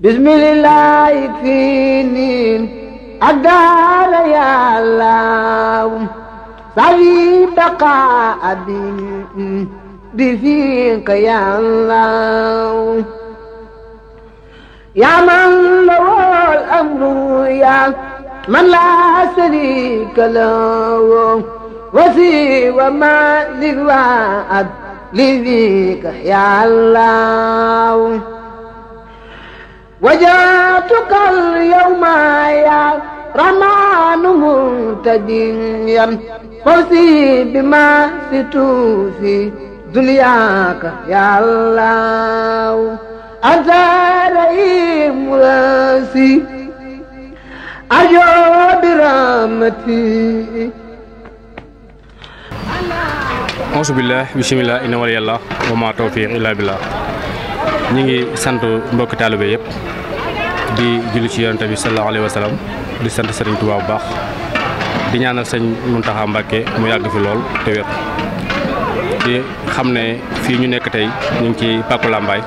bismillah fii niin ak daara yàllaaw sawi baqa abi bi fiika yàllaaw yaa man lawol amru yaa man laa sharika lahu wasi wa ma lil waad li fiika yàllaaw وجاتك اليوم يا رمان منتجيا فوزي بما ستوفي دنياك يا الله أنت رئيم راسي أجو برحمتي أعوذ بالله بسم الله إن ولي الله وما توفيق إلا بالله ñu ngi sant mbokki taalibe yëpp di julli ci yonent bi sallallahu alayhi wa sallam di sant Serigne Touba bu baax di ñaanal sëñ Mountakha Mbacké mu yàgg fi lool te wér di xam ne fii ñu nekk tey ñu ngi ci Pàkku Lambaay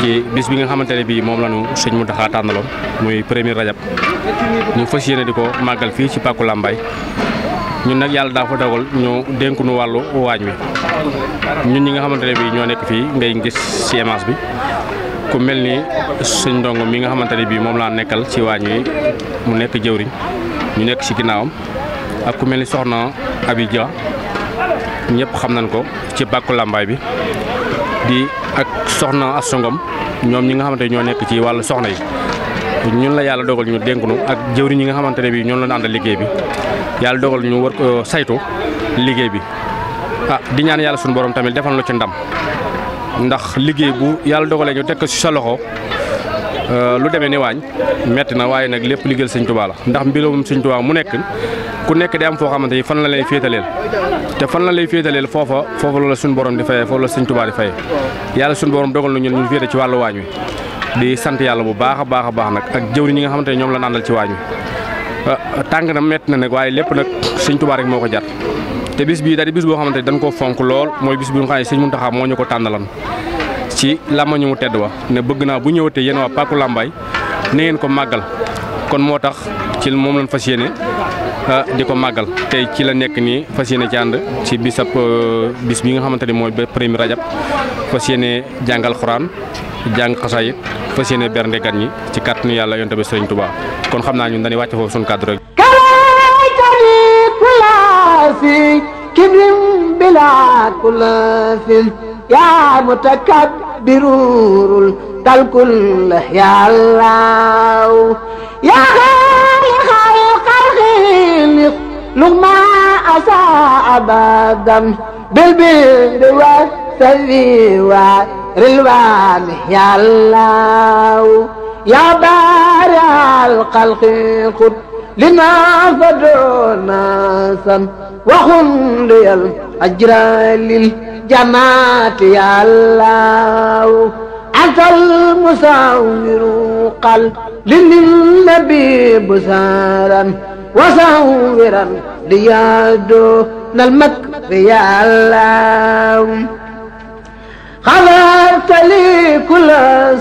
ci bis bi nga xamante ne bii moom la ñu sëñ Mountakha tànnaloon muy premier rajab ñu fas yéene di ko màggal fii ci Pàkku Lambaay ñun nag yàlla daa fa dogal ñu dénk nu wàllu waañ wi ñun ñi nga xamante ne bii ñoo nekk fii ngay gis ci image bi ku mel ni suñ ndongo mi nga xamante ne bii moom laa nekkal ci waañ wi mu nekk jëwriñ ñu nekk ci ginnaawam ak ku mel ni soxna Abi Dia ñëpp xam nañ ko ci bàkku làmbaay bi di ak soxna Assongom ñoom ñi nga xamante ne ñoo nekk ci wàll soxna yi ñun la yàlla dogal ñu dénkunu ak jëwriñ ñi nga xamante ne bii ñoom la ñu àndal liggéey bi yàlla dogal ñu war ko saytu liggéey bi. ah di ñaan yàlla suñu boroom tamit defal la ci ndam ndax liggéey bu yàlla dogalee ñu teg ko si sa loxo euh, lu demee ni waañ metti na waaye nag lépp liggéeyal sëñ Tuubaa la ndax mbirum sëñ Tuubaa mu nekk ku nekk day am foo xamante ni fan la lay féetaleel te fan la lay féetaleel foofa foofa loola suñu borom di fayee foofu la sëñ Tuubaa di fayee yàlla suñu borom dogal na ñun ñu féete ci wàllu waañ wi di sant yàlla bu baax a baax a baax nag ak jëwri ñi nga xamante ne ñoom la àndal ci waañ wi ah, tàng na metti na nag waaye lépp nag sëñ moo ko jar te bis bii dari bis boo xamante ne dañ koo fonk lool mooy bis bi nga xam ne Sëñ Muntaxa moo ñu ko tànnalan ci làmmañu mu tedd wa ne bëgg naa bu ñëwatee yéen waa Pàkku Làmbaay na ngeen ko màggal kon moo tax ci moom lañ fas yéene ah, di ko màggal tey ci la nekk nii fas yéene ci ànd ci bisab euh, bis bi nga xamante ne mooy premier rajab fas yéene jàngal xuraan jàng xasaayit fas yéene bernde gan ñi ci kàttanu yàlla yonent bi Sëriñ Tuubaa kon xam naa ñun dañuy wàcc foofu suñu kàddu إلى كل فيل يا متكبر الكل يا الله يا خير خلق الخلق لما أساء أبدا بالبر والسر والرلوان يا الله يا بارع الخلق خذ لنا فدونا سم وهم لي الأجر للجماعة يا الله أنت المساور قل للنبي بسارا وساورا ليادو المكر يا الله خلقت لي كل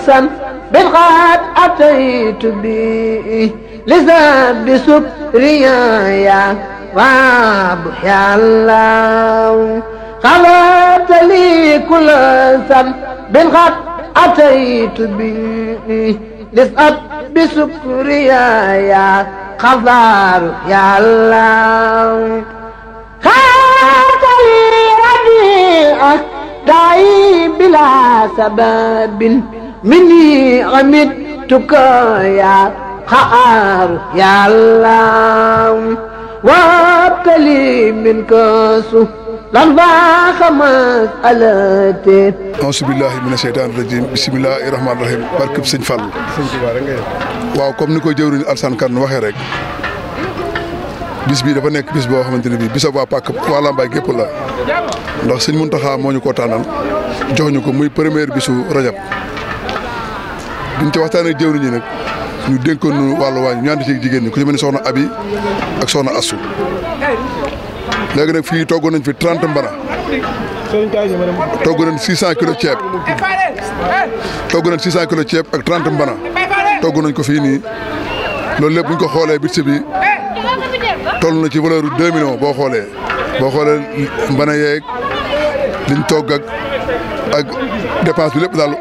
سن بالغد أتيت به لسبب سكريا وابح يا الله خلقت لي كل سب بالغد أتيت به لسبب بسكريا يا خضار يا الله خلقت لي ربيعك دعي بلا سبب مني عمدتك يا xaar yàlla wabtali min kaasu lan baa xamas alate ansibillahi mina sheytaan rajim bisimilahi rahmaani rahim barkëb sëñ Fall waaw comme ni ko jëwriñ Alsaan Kan waxee rek bis bii dafa nekk bis boo xamante ne bii bisa waa pàkk waa Lambaye gépp la ndax sëñ Muntaxa moo ñu ko tànnal jox ñu ko muy première bisu rajab biñ ci waxtaanee jëwriñ ñi nag ñu dénkoon ñu wàllu waañ ñu ànd ci jigéen ñi ku ci mel ni soxna Abi ak soxna Assu léegi nag fii togg nañ fi 30 mbana togg nañ 600 kilos ceeb togg nañ 600 kilos ceeb ak 30 mbana togg nañ ko fii nii loolu lépp bu ñu ko xoolee budget bi toll na ci valeur bu million boo xoolee boo xoolee mbana yeeg liñ togg ak ak dépense lépp daal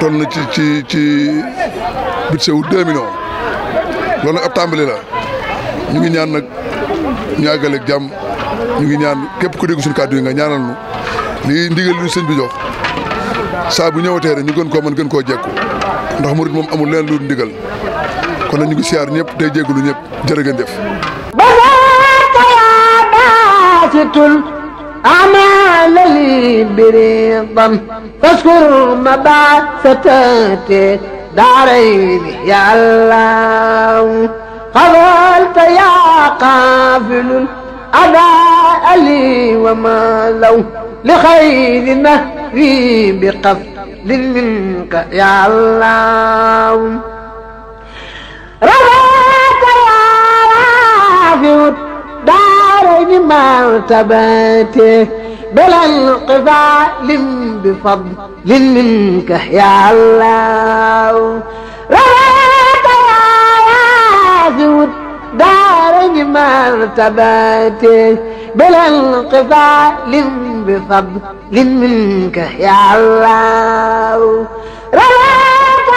toll na ci ci ci. budget wu deux millions na nag ab tàmbali ñu ngi ñaan nag ñu àggaleeg jàmm ñu ngi ñaan képp ku dégg suñu kàddu yi nga ñaanal nu lii ndigal lu saa bu ñëwatee rek ñu gën koo mën gën koo jekku ndax murit moom amul leen lu ndigal kon nag ñu ngi siyaar ñëpp tey jégalu ñëpp jërë ngeen jëf. أعمال لي بريضا فاشكر مبعثتك daarayni يا الله غفلت يا قافل أنا لي وما لو لخير نهري بقفل منك يا الله رضاك يا رافع دارني مرتبتي بلا انقفال بفضل منك يا الله رأيت يا ياسود دار مرتبتي بلا انقفال بفضل منك يا الله رأيت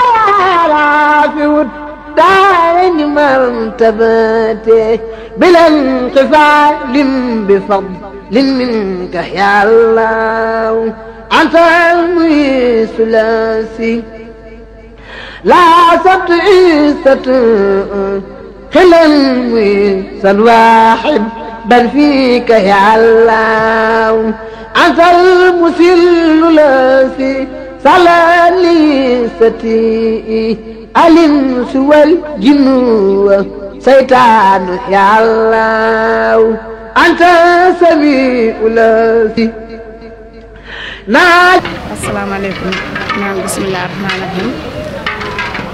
يا رافود دار مرتبتي بلا انقفال بفضل lin minka ya Allah anta muyi sulasi la sabtu istatu xilan muyi sal waaxid bal fika ya Allah anta musillu lasi salali sati alim suwal jinnu wa saytaanu ya Allah anta sabiu lasi naa asalaamaaleykum naan bisimilah rahmaani rahim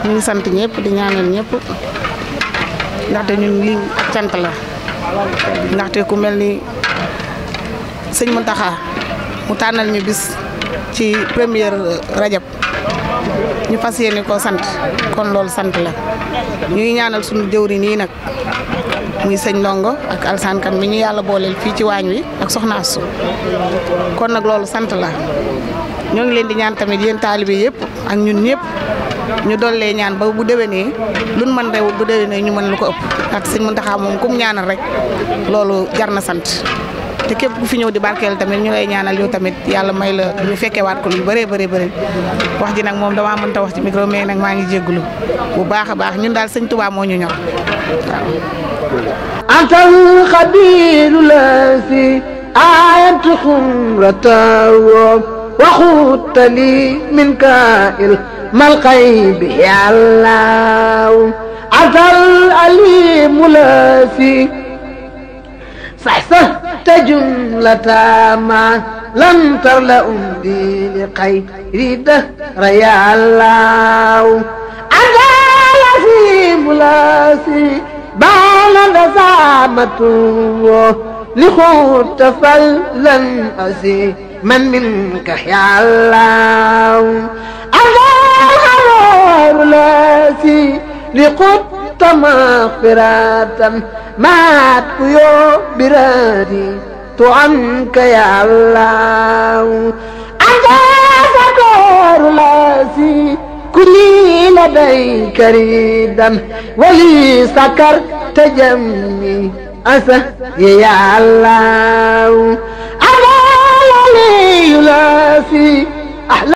ñu ngi sant ñëpp di ñaanal ñëpp ndaxte ñun lii ak cant la ndaxte ku mel ni sëñ mu Mountakha mu tànnal ñu bis ci première rajab ñu fas yéene ko sant kon loolu sant la ñu ñaanal suñu jëwri nii nag muy sëñ Ndongo ak Alsaan Kan mi ñu yàlla booleel fii ci waañ wi ak soxna Astou kon nag loolu sant la ñoo ngi leen di ñaan tamit yéen taalibe yëpp ak ñun ñëpp ñu dollee ñaan ba bu déwénee luñ man rew bu déwénee ñu mën lu ko ëpp ndax sëñ Muntaxa moom kum ñaanal rek loolu jar na sant te képp ku fi ñëw di barkeel tamit ñu lay ñaanal yow tamit yàlla may la ñu fekkewaat ko lu bëree bëri bëri wax ji nag moom damaa mënta wax ci micro mais nag maa ngi jéggulu bu baax a baax ñun daal sëñ Tuubaa moo ñu ñor أنت الخبير الذي آيت خمرته وخدت لي منك ما الغيب يا الله أنت الأليم الذي صحصحت جملة ما لم تر لأمدي لغير دهر يا الله أنت العظيم الذي baala lazaamatu li xuut falan asi man minka yàllaaw alxaraaru laasi li xut مغفرة مات قيوب برادي تعنك يا الله لبيك ريدا ولي سكرت جمي أسى يا الله أنا لا يلاسي